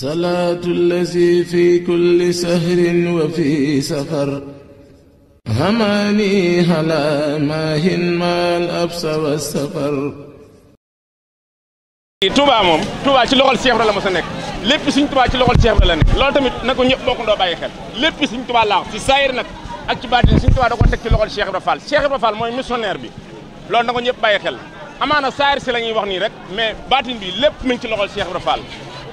salaatu allazi fi kulli sahrin wa fi safar hamaani halaa maahin maal absa wa safar Touba moom Touba ci loxol Cheikh Ibra la mos a nekk lépp suñ Touba ci loxol Cheikh Ibra la nekk loolu tamit na ko ñëpp ndoo bàyyi xel lépp suñ Touba laax ci saayir nag ak ci baatin suñ Touba da ko teg ci loxol Cheikh Ibra Fall Cheikh Ibra Fall mooy missionnaire bi loolu na ko ñëpp bàyyi xel amaana saayir si la wax nii rek mais baatin bi lépp mu ci loxol Cheikh Ibra Fall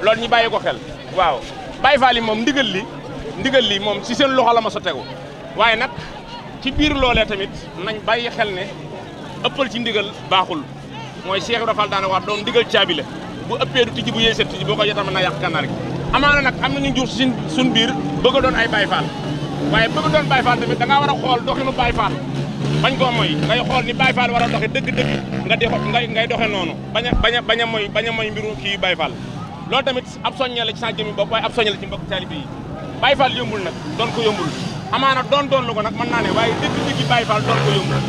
loolu ñu bàyyi ko xel waaw bàyyi moom ndigal li ndigal li moom ci seen loxo la ma sa tegu waaye nag ci biir loolee tamit nañ bàyyi xel ne ëppal ci ndigal baaxul mooy Cheikh Ibra Fall daana wax doom ndigal caabi la bu ëppee du tijji bu yeesee tijji boo ko yetamit na yàq nag am na ñu jur suñ suñ biir bëgg doon ay Baye Fall waaye bëgg a doon Baye tamit da ngaa a xool doxinu Baye Fall bañ koo mooy ngay xool ni Baye Fall a doxe dëgg-dëgg nga di ngay doxe noonu bañ a bañ a bañ a mooy bañ a mooy loo tamit ab soññe la ci sa jëmi bopp waaye ab soññe la ci mbokk taalibe yi Baye Fall yombul nag doon ko yombul amaana doon doon lu ko nag man naa ne waaye dëgg dëgg Baye Fall doon ko yombul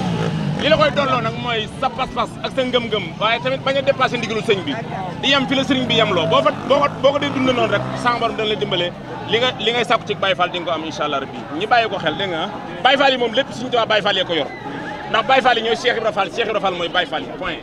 li la koy dolloo nag mooy sa pas-pas ak sa ngëm-ngëm waaye tamit bañ a dépassé ndigalu sëñ bi di yem fi la sëriñ bi yem loo boo fa boo ko boo ko dee dund noonu rek sàmbaram dañ la dimbale li nga li ngay sàkku ci Baye Fall di ko am incha allah rabbi ñi bàyyi ko xel dégg nga Baye yi moom lépp suñu tubaab Baye Fall ko yor ndax Baye Fall yi ñooy Cheikh Ibra Fall Cheikh mooy Baye Fall yi point